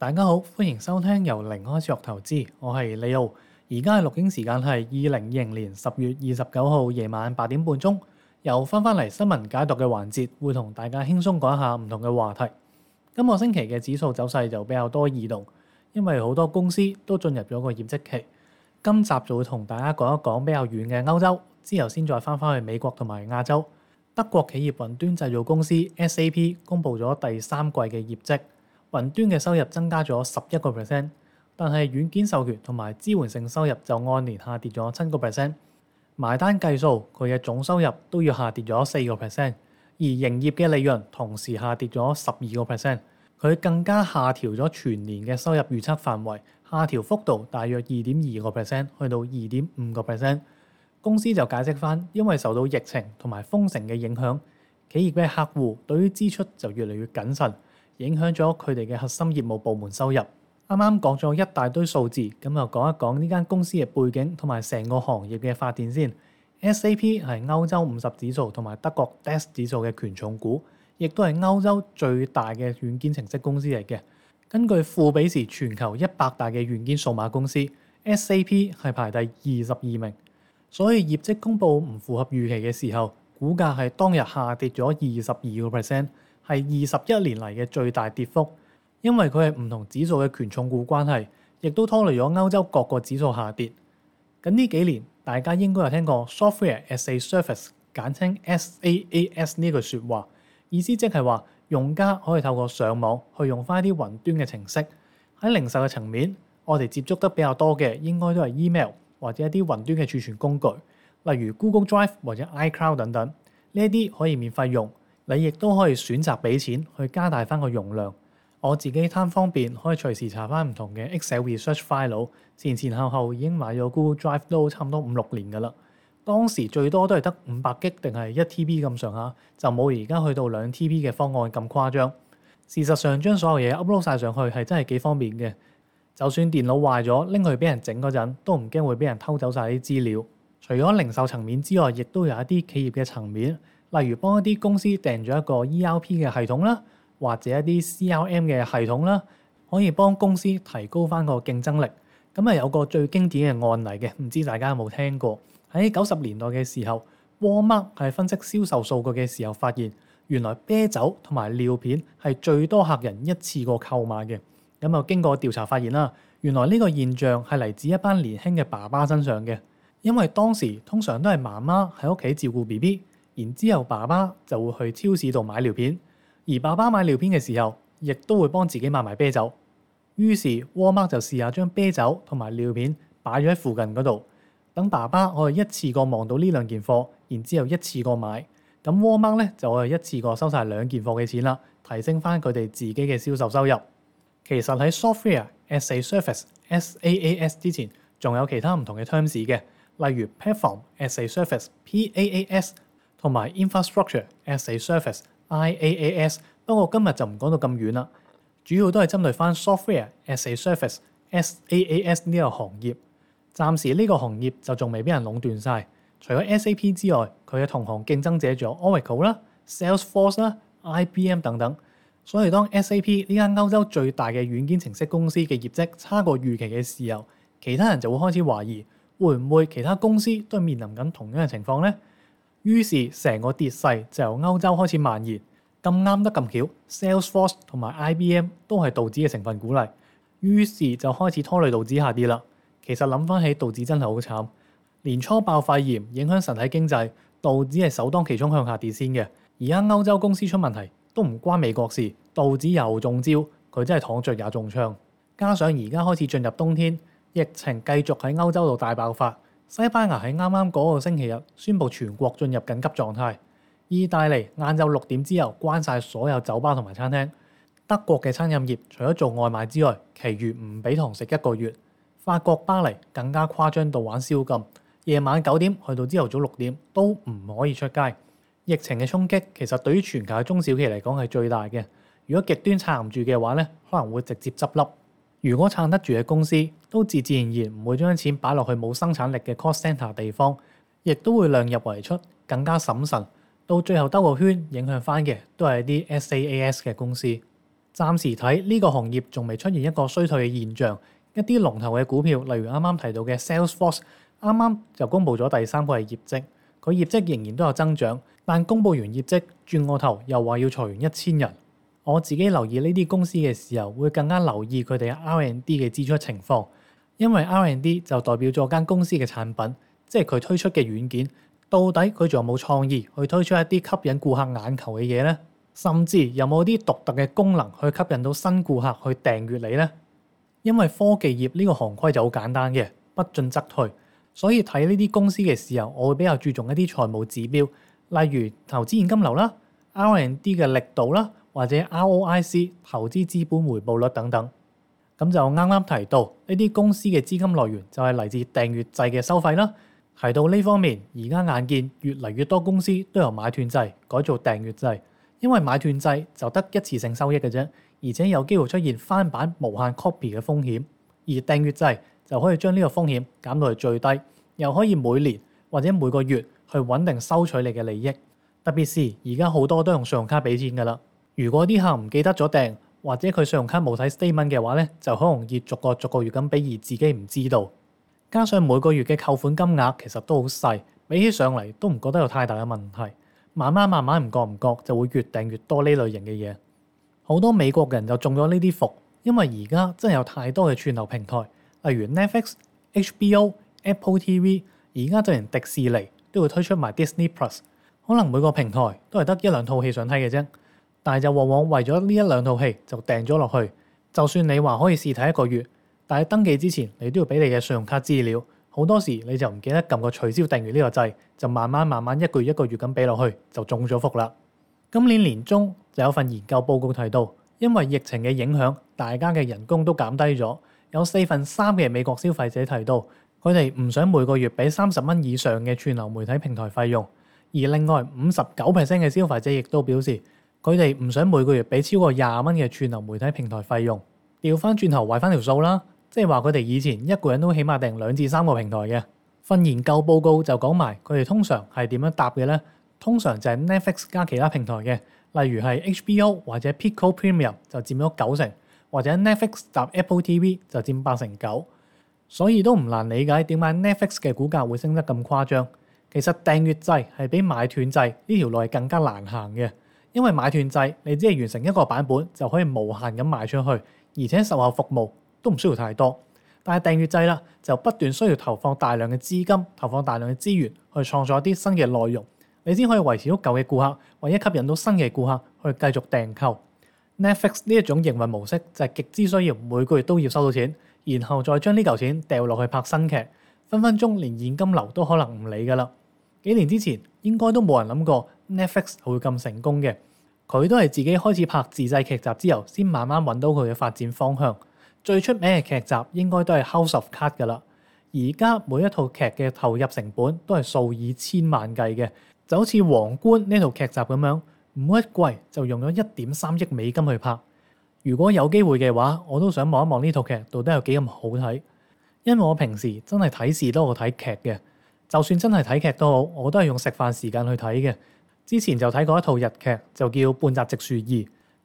大家好，歡迎收聽由零開始學投資，我係李奧。而家嘅錄影時間係二零二零年十月二十九號夜晚八點半鐘，又返返嚟新聞解讀嘅環節，會同大家輕鬆講一下唔同嘅話題。今個星期嘅指數走勢就比較多異動，因為好多公司都進入咗個業績期。今集就會同大家講一講比較遠嘅歐洲，之後先再返返去美國同埋亞洲。德國企業雲端製造公司 SAP 公布咗第三季嘅業績。雲端嘅收入增加咗十一個 percent，但係軟件授權同埋支援性收入就按年下跌咗七個 percent。埋單計數，佢嘅總收入都要下跌咗四個 percent，而營業嘅利潤同時下跌咗十二個 percent。佢更加下調咗全年嘅收入預測範圍，下調幅度大約二點二個 percent 去到二點五個 percent。公司就解釋返，因為受到疫情同埋封城嘅影響，企業嘅客戶對於支出就越嚟越謹慎。影響咗佢哋嘅核心業務部門收入。啱啱講咗一大堆數字，咁就講一講呢間公司嘅背景同埋成個行業嘅發展先。SAP 係歐洲五十指數同埋德國 DAX 指數嘅權重股，亦都係歐洲最大嘅軟件程式公司嚟嘅。根據富比時全球一百大嘅軟件數碼公司，SAP 係排第二十二名。所以業績公佈唔符合預期嘅時候，股價係當日下跌咗二十二個 percent。係二十一年嚟嘅最大跌幅，因為佢係唔同指數嘅權重股關係，亦都拖累咗歐洲各個指數下跌。咁呢幾年，大家應該有聽過 Software as a Service，簡稱 SaaS 呢句説話，意思即係話用家可以透過上網去用翻啲雲端嘅程式。喺零售嘅層面，我哋接觸得比較多嘅應該都係 email 或者一啲雲端嘅儲存工具，例如 Google Drive 或者 iCloud 等等，呢啲可以免費用。你亦都可以選擇俾錢去加大翻個容量。我自己貪方便，可以隨時查翻唔同嘅 Excel research file。前前後後已經買咗 Google Drive 都差唔多五六年㗎啦。當時最多都係得五百吉定係一 TB 咁上下，就冇而家去到兩 TB 嘅方案咁誇張。事實上，將所有嘢 upload 晒上去係真係幾方便嘅。就算電腦壞咗，拎去俾人整嗰陣，都唔驚會俾人偷走晒啲資料。除咗零售層面之外，亦都有一啲企業嘅層面。例如幫一啲公司訂咗一個 ERP 嘅系統啦，或者一啲 CRM 嘅系統啦，可以幫公司提高翻個競爭力。咁啊，有個最經典嘅案例嘅，唔知大家有冇聽過？喺九十年代嘅時候，Walmart 係分析銷售數據嘅時候，時候發現原來啤酒同埋尿片係最多客人一次過購買嘅。咁啊，經過調查發現啦，原來呢個現象係嚟自一班年輕嘅爸爸身上嘅，因為當時通常都係媽媽喺屋企照顧 BB。然之後，爸爸就會去超市度買尿片，而爸爸買尿片嘅時候，亦都會幫自己買埋啤酒。於是 Walmart 就試下將啤酒同埋尿片擺咗喺附近嗰度，等爸爸可以一次過望到呢兩件貨，然之後一次過買。咁 Walmart 咧就可以一次過收晒兩件貨嘅錢啦，提升翻佢哋自己嘅銷售收入。其實喺 software as a service (SaaS) 之前，仲有其他唔同嘅 terms 嘅，例如 platform as a service (PaaS)。同埋 Infrastructure as a Service I A A S，不過今日就唔講到咁遠啦，主要都係針對翻 Software as a Service S A A S 呢個行業。暫時呢個行業就仲未俾人壟斷晒。除咗 S A P 之外，佢嘅同行競爭者仲有 Oracle 啦、Salesforce 啦、I B M 等等。所以當 S A P 呢間歐洲最大嘅軟件程式公司嘅業績差過預期嘅時候，其他人就會開始懷疑會唔會其他公司都係面臨緊同樣嘅情況呢？於是成個跌勢就由歐洲開始蔓延，咁啱得咁巧，Salesforce 同埋 IBM 都係道指嘅成分股嚟，於是就開始拖累道指下跌啦。其實諗翻起道指真係好慘，年初爆肺炎影響實體經濟，道指係首當其衝向下跌先嘅。而家歐洲公司出問題都唔關美國事，道指又中招，佢真係躺着也中槍。加上而家開始進入冬天，疫情繼續喺歐洲度大爆發。西班牙喺啱啱嗰個星期日宣布全國進入緊急狀態，意大利晏晝六點之後關晒所有酒吧同埋餐廳，德國嘅餐飲業除咗做外賣之外，其餘唔俾堂食一個月。法國巴黎更加誇張到玩宵禁，夜晚九點去到朝頭早六點都唔可以出街。疫情嘅衝擊其實對於全球嘅中小企嚟講係最大嘅，如果極端撐唔住嘅話咧，可能會直接執笠。如果撐得住嘅公司，都自自然然唔會將錢擺落去冇生產力嘅 cost centre 地方，亦都會量入為出，更加審慎。到最後兜個圈影響翻嘅都係啲 SaaS 嘅公司。暫時睇呢個行業仲未出現一個衰退嘅現象，一啲龍頭嘅股票，例如啱啱提到嘅 Salesforce，啱啱就公佈咗第三季業績，佢業績仍然都有增長，但公佈完業績轉過頭又話要裁員一千人。我自己留意呢啲公司嘅時候，會更加留意佢哋 R&D 嘅支出情況。因為 R&D 就代表咗間公司嘅產品，即係佢推出嘅軟件，到底佢仲有冇創意去推出一啲吸引顧客眼球嘅嘢呢？甚至有冇啲獨特嘅功能去吸引到新顧客去訂閱你呢？因為科技業呢個行規就好簡單嘅，不進則退。所以睇呢啲公司嘅時候，我會比較注重一啲財務指標，例如投資現金流啦、R&D 嘅力度啦，或者 ROIC 投資資本回報率等等。咁就啱啱提到呢啲公司嘅資金來源就係嚟自訂閱制嘅收費啦。提到呢方面，而家眼見越嚟越多公司都由買斷制改做訂閱制，因為買斷制就得一次性收益嘅啫，而且有機會出現翻版無限 copy 嘅風險，而訂閱制就可以將呢個風險減到去最低，又可以每年或者每個月去穩定收取你嘅利益。特別是而家好多都用信用卡俾錢㗎喇，如果啲客唔記得咗訂，或者佢信用卡冇睇 statement 嘅話咧，就好容易逐個逐個月咁，畀而自己唔知道，加上每個月嘅扣款金額其實都好細，比起上嚟都唔覺得有太大嘅問題。慢慢慢慢唔覺唔覺就會越訂越多呢類型嘅嘢。好多美國人就中咗呢啲伏，因為而家真係有太多嘅串流平台，例如 Netflix、HBO、Apple TV，而家就連迪士尼都會推出埋 Disney Plus。可能每個平台都係得一兩套戲想睇嘅啫。但係就往往為咗呢一兩套戲就訂咗落去。就算你話可以試睇一個月，但係登記之前你都要俾你嘅信用卡資料。好多時你就唔記得撳個取消訂閱呢個掣，就慢慢慢慢一個月一個月咁俾落去，就中咗福啦。今年年中就有份研究報告提到，因為疫情嘅影響，大家嘅人工都減低咗。有四分三嘅美國消費者提到，佢哋唔想每個月俾三十蚊以上嘅串流媒體平台費用，而另外五十九 percent 嘅消費者亦都表示，佢哋唔想每個月俾超過廿蚊嘅串流媒體平台費用，調翻轉頭圍翻條數啦。即係話佢哋以前一個人都起碼訂兩至三個平台嘅。份研究報告就講埋佢哋通常係點樣搭嘅咧？通常就係 Netflix 加其他平台嘅，例如係 HBO 或者 Pico Premium 就佔咗九成，或者 Netflix 搭 Apple TV 就佔八成九。所以都唔難理解點解 Netflix 嘅股價會升得咁誇張。其實訂閱制係比買斷制呢條路係更加難行嘅。因為買斷制，你只係完成一個版本就可以無限咁賣出去，而且售後服務都唔需要太多。但係訂閱制啦，就不斷需要投放大量嘅資金，投放大量嘅資源去創造一啲新嘅內容，你先可以維持到舊嘅顧客，或者吸引到新嘅顧客去繼續訂購。Netflix 呢一種營運模式就係極之需要每個月都要收到錢，然後再將呢嚿錢掉落去拍新劇，分分鐘連現金流都可能唔理噶啦。幾年之前應該都冇人諗過。Netflix 係會咁成功嘅，佢都係自己開始拍自製劇集之後，先慢慢揾到佢嘅發展方向。最出名嘅劇集應該都係《House of Cards》噶啦。而家每一套劇嘅投入成本都係數以千萬計嘅，就好似《皇冠》呢套劇集咁樣，每一季就用咗一點三億美金去拍。如果有機會嘅話，我都想望一望呢套劇到底有幾咁好睇，因為我平時真係睇視多過睇劇嘅，就算真係睇劇都好，我都係用食飯時間去睇嘅。之前就睇過一套日劇，就叫《半澤直樹二》，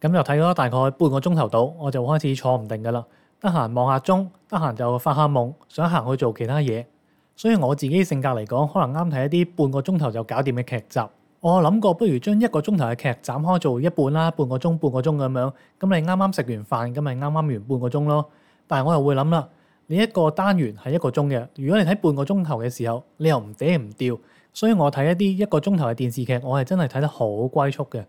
咁就睇咗大概半個鐘頭到，我就開始坐唔定㗎喇。得閒望下鐘，得閒就發下夢，想行去做其他嘢。所以我自己性格嚟講，可能啱睇一啲半個鐘頭就搞掂嘅劇集。我諗過，不如將一個鐘頭嘅劇斬開做一半啦，半個鐘、半個鐘咁樣。咁你啱啱食完飯，咁咪啱啱完半個鐘咯。但係我又會諗啦，你一個單元係一個鐘嘅，如果你睇半個鐘頭嘅時候，你又唔嗲唔掉。所以我睇一啲一個鐘頭嘅電視劇，我係真係睇得好龜速嘅。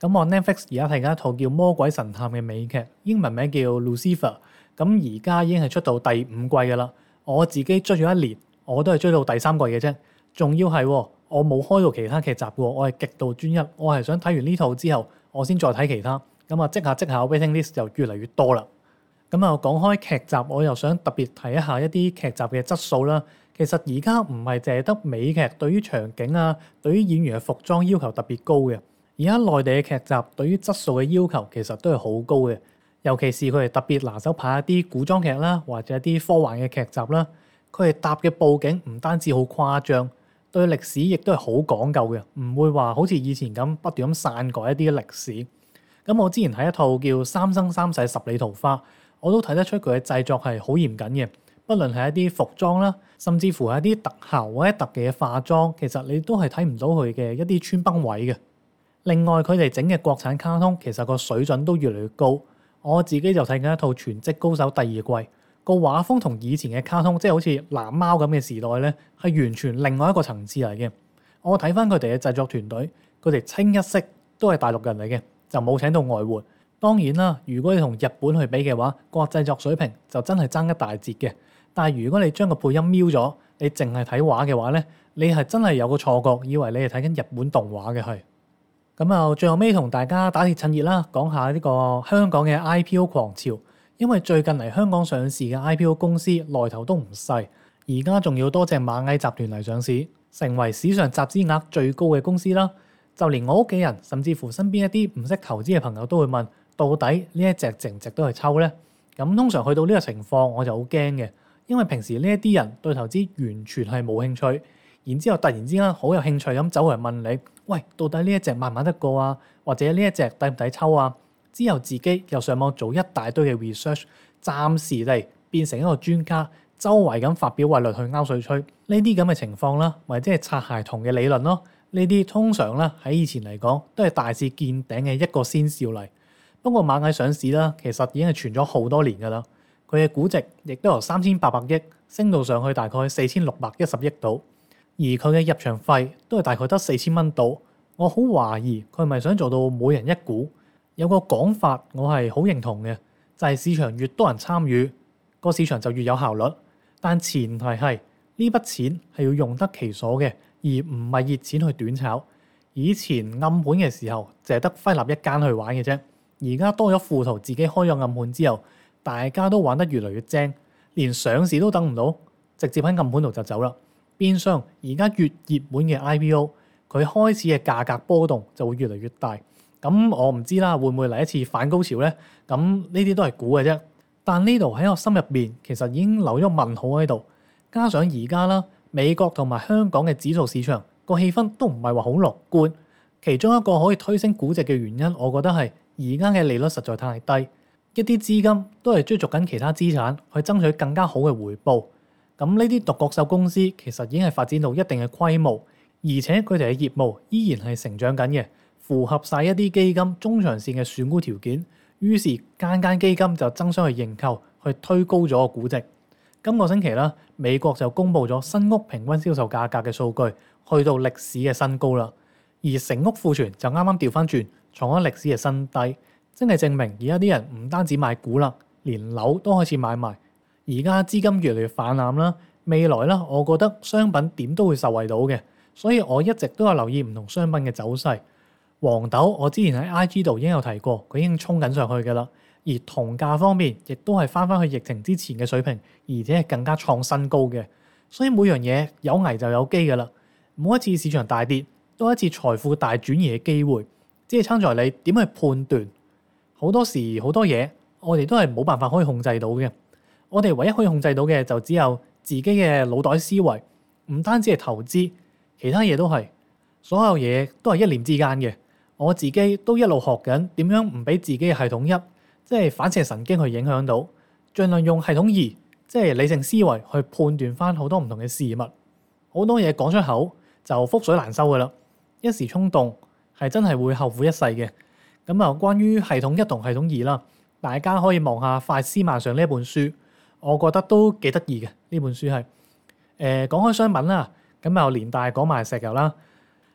咁我 Netflix 而家睇緊一套叫《魔鬼神探》嘅美劇，英文名叫《Lucifer》。咁而家已經係出到第五季㗎喇。我自己追咗一年，我都係追到第三季嘅啫。仲要係我冇開到其他劇集嘅，我係極度專一。我係想睇完呢套之後，我先再睇其他。咁啊，積下積下，waiting list 又越嚟越多啦。咁啊，講開劇集，我又想特別睇一下一啲劇集嘅質素啦。其實而家唔係淨係得美劇對於場景啊、對於演員嘅服裝要求特別高嘅，而家內地嘅劇集對於質素嘅要求其實都係好高嘅，尤其是佢係特別拿手拍一啲古裝劇啦，或者一啲科幻嘅劇集啦，佢係搭嘅佈景唔單止好誇張，對歷史亦都係好講究嘅，唔會話好似以前咁不斷咁篡改一啲歷史。咁我之前睇一套叫《三生三世十里桃花》，我都睇得出佢嘅製作係好嚴謹嘅。不論係一啲服裝啦，甚至乎係一啲特效或者特技嘅化妝，其實你都係睇唔到佢嘅一啲穿崩位嘅。另外，佢哋整嘅國產卡通其實個水準都越嚟越高。我自己就睇緊一套《全職高手》第二季，個畫風同以前嘅卡通，即係好似《藍貓》咁嘅時代咧，係完全另外一個層次嚟嘅。我睇翻佢哋嘅製作團隊，佢哋清一色都係大陸人嚟嘅，就冇請到外援。當然啦，如果你同日本去比嘅話，個製作水平就真係爭一大截嘅。但係，如果你將個配音瞄咗，你淨係睇畫嘅話咧，你係真係有個錯覺，以為你係睇緊日本動畫嘅係。咁啊，最後尾同大家打鐵趁熱啦，講下呢個香港嘅 IPO 狂潮。因為最近嚟香港上市嘅 IPO 公司來頭都唔細，而家仲要多謝螞蟻集團嚟上市，成為史上集資額最高嘅公司啦。就連我屋企人，甚至乎身邊一啲唔識投資嘅朋友都會問：到底呢一隻值唔值得去抽呢？」咁通常去到呢個情況，我就好驚嘅。因為平時呢一啲人對投資完全係冇興趣，然之後突然之間好有興趣咁走嚟問你：喂，到底呢一隻買唔買得過啊？或者呢一隻抵唔抵抽啊？之後自己又上網做一大堆嘅 research，暫時嚟變成一個專家，周圍咁發表偉論去鈎水吹。呢啲咁嘅情況啦，或者係擦鞋童嘅理論咯。呢啲通常咧，喺以前嚟講都係大市見頂嘅一個先兆嚟。不過螞蟻上市啦，其實已經係傳咗好多年噶啦。佢嘅估值亦都由三千八百億升到上去大概四千六百一十億度，而佢嘅入場費都係大概得四千蚊度。我好懷疑佢係咪想做到每人一股？有個講法我係好認同嘅，就係市場越多人參與，個市場就越有效率。但前提係呢筆錢係要用得其所嘅，而唔係熱錢去短炒。以前暗盤嘅時候，淨係得輝立一間去玩嘅啫。而家多咗富途，自己開咗暗盤之後。大家都玩得越嚟越精，連上市都等唔到，直接喺暗盤度就走啦。變相而家越熱門嘅 IPO，佢開始嘅價格波動就會越嚟越大。咁、嗯、我唔知啦，會唔會嚟一次反高潮呢？咁呢啲都係估嘅啫。但呢度喺我心入邊其實已經留咗問號喺度。加上而家啦，美國同埋香港嘅指數市場個氣氛都唔係話好樂觀。其中一個可以推升估值嘅原因，我覺得係而家嘅利率實在太低。一啲資金都係追逐緊其他資產去爭取更加好嘅回報，咁呢啲獨角獸公司其實已經係發展到一定嘅規模，而且佢哋嘅業務依然係成長緊嘅，符合晒一啲基金中長線嘅選股條件。於是間間基金就爭相去認購，去推高咗個估值。今個星期啦，美國就公布咗新屋平均銷售價格嘅數據，去到歷史嘅新高啦，而成屋庫存就啱啱調翻轉，創咗歷史嘅新低。真係證明，而家啲人唔單止買股啦，連樓都開始買埋。而家資金越嚟越泛濫啦，未來啦，我覺得商品點都會受惠到嘅。所以我一直都有留意唔同商品嘅走勢。黃豆我之前喺 IG 度已經有提過，佢已經衝緊上去㗎啦。而銅價方面，亦都係翻返去疫情之前嘅水平，而且係更加創新高嘅。所以每樣嘢有危就有機㗎啦。每一次市場大跌，都係一次財富大轉移嘅機會，即係撐在你點去判斷。好多時好多嘢，我哋都係冇辦法可以控制到嘅。我哋唯一可以控制到嘅就只有自己嘅腦袋思維。唔單止係投資，其他嘢都係。所有嘢都係一念之間嘅。我自己都一路學緊點樣唔俾自己嘅系統一，即係反射神經去影響到，儘量用系統二，即係理性思維去判斷翻好多唔同嘅事物。好多嘢講出口就覆水難收㗎喇，一時衝動係真係會後悔一世嘅。咁啊，關於系統一同系統二啦，大家可以望下《快思慢想》呢一本書，我覺得都幾得意嘅呢本書係。誒，講開商品啦，咁啊連帶講埋石油啦。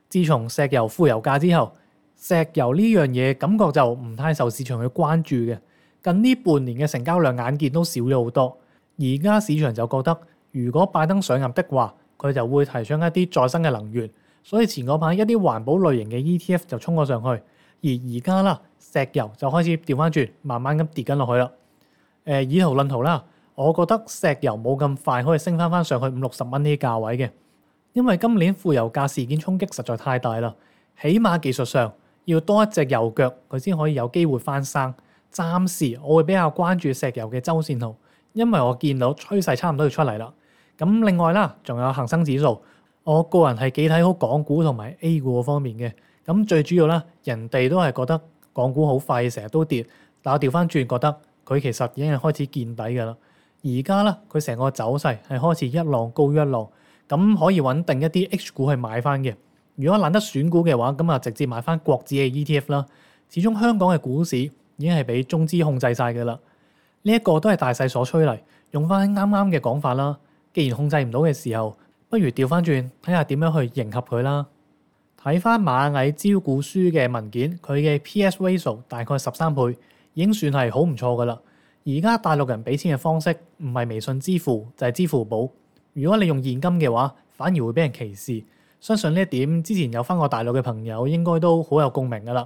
自從石油負油價之後，石油呢樣嘢感覺就唔太受市場去關注嘅。近呢半年嘅成交量眼見都少咗好多。而家市場就覺得，如果拜登上任的話，佢就會提倡一啲再生嘅能源，所以前嗰排一啲環保類型嘅 ETF 就衝咗上去。而而家啦，石油就開始調翻轉，慢慢咁跌緊落去啦。誒、呃，以圖論圖啦，我覺得石油冇咁快可以升翻翻上去五六十蚊呢啲價位嘅，因為今年負油價事件衝擊實在太大啦。起碼技術上要多一隻油腳，佢先可以有機會翻生。暫時我會比較關注石油嘅周線圖，因為我見到趨勢差唔多要出嚟啦。咁另外啦，仲有恒生指數，我個人係幾睇好港股同埋 A 股嗰方面嘅。咁最主要咧，人哋都係覺得港股好快，成日都跌。但我調翻轉覺得，佢其實已經係開始見底㗎啦。而家咧，佢成個走勢係開始一浪高一浪，咁可以揾定一啲 H 股去買翻嘅。如果懶得選股嘅話，咁啊直接買翻國指嘅 ETF 啦。始終香港嘅股市已經係俾中資控制晒㗎啦。呢、這、一個都係大勢所趨嚟。用翻啱啱嘅講法啦，既然控制唔到嘅時候，不如調翻轉睇下點樣去迎合佢啦。睇翻螞蟻招股書嘅文件，佢嘅 P/S ratio 大概十三倍，已經算係好唔錯噶啦。而家大陸人俾錢嘅方式唔係微信支付就係支付寶。如果你用現金嘅話，反而會俾人歧視。相信呢一點之前有翻過大陸嘅朋友應該都好有共鳴噶啦。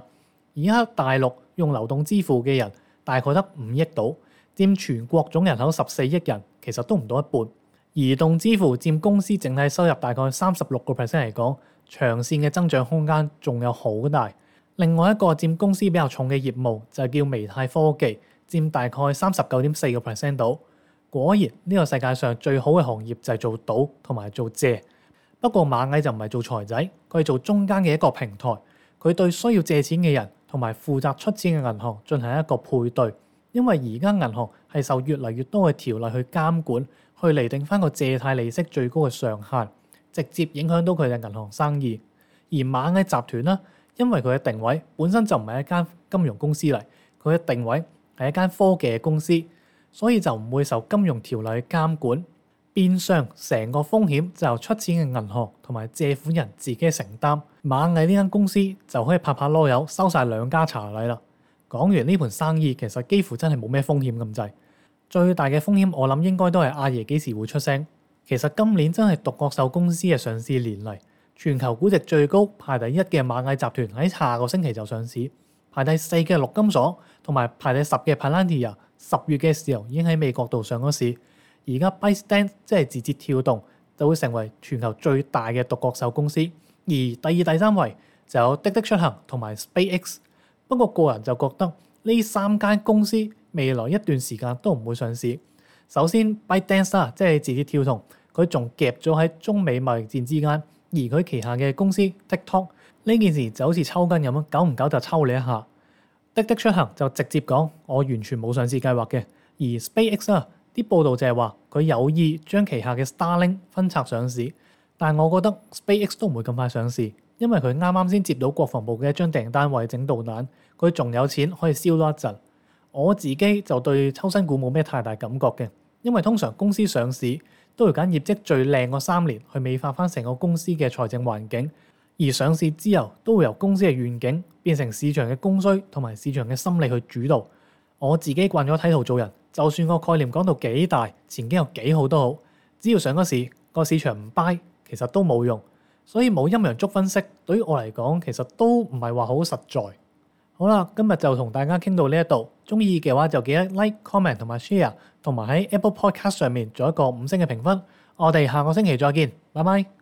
而家大陸用流動支付嘅人大概得五億度，佔全國總人口十四億人，其實都唔到一半。移動支付佔公司整體收入大概三十六個 percent 嚟講。長線嘅增長空間仲有好大。另外一個佔公司比較重嘅業務就係叫微貸科技，佔大概三十九點四個 percent 度。果然呢個世界上最好嘅行業就係做賭同埋做借。不過螞蟻就唔係做財仔，佢係做中間嘅一個平台。佢對需要借錢嘅人同埋負責出錢嘅銀行進行一個配對。因為而家銀行係受越嚟越多嘅條例去監管，去厘定返個借貸利息最高嘅上限。直接影響到佢嘅銀行生意，而螞蟻集團呢，因為佢嘅定位本身就唔係一間金融公司嚟，佢嘅定位係一間科技嘅公司，所以就唔會受金融條例監管，變相成個風險就由出錢嘅銀行同埋借款人自己承擔。螞蟻呢間公司就可以拍拍籮柚收晒兩家茶禮啦。講完呢盤生意，其實幾乎真係冇咩風險咁滯，最大嘅風險我諗應該都係阿爺幾時會出聲。其實今年真係獨角獸公司嘅上市年嚟，全球估值最高排第一嘅馬艾集團喺下個星期就上市，排第四嘅綠金所同埋排第十嘅 Planeta，十月嘅時候已經喺美國度上咗市，而家 b y s t a n d 即係字節跳動就會成為全球最大嘅獨角獸公司，而第二第三位就有滴滴出行同埋 Space。x。不過個人就覺得呢三間公司未來一段時間都唔會上市。首先 ByteDance 啦、啊，即係自己跳動，佢仲夾咗喺中美貿易戰之間，而佢旗下嘅公司 TikTok 呢件事就好似抽筋咁樣，久唔久就抽你一下。滴滴出行就直接講，我完全冇上市計劃嘅。而 SpaceX 啊啲報道就係話佢有意將旗下嘅 Starlink 分拆上市，但係我覺得 SpaceX 都唔會咁快上市，因為佢啱啱先接到國防部嘅一張訂單，為整導彈，佢仲有錢可以燒多一陣。我自己就對抽新股冇咩太大感覺嘅。因為通常公司上市都會揀業績最靚嗰三年去美化翻成個公司嘅財政環境，而上市之後都會由公司嘅願景變成市場嘅供需同埋市場嘅心理去主導。我自己慣咗睇圖做人，就算個概念講到幾大，前景有幾好都好，只要上咗市，個市場唔 buy，其實都冇用。所以冇陰陽燭分析對於我嚟講，其實都唔係話好實在。好啦，今日就同大家傾到呢一度，鍾意嘅話就記得 like、comment 同埋 share，同埋喺 Apple Podcast 上面做一個五星嘅評分。我哋下個星期再見，拜拜。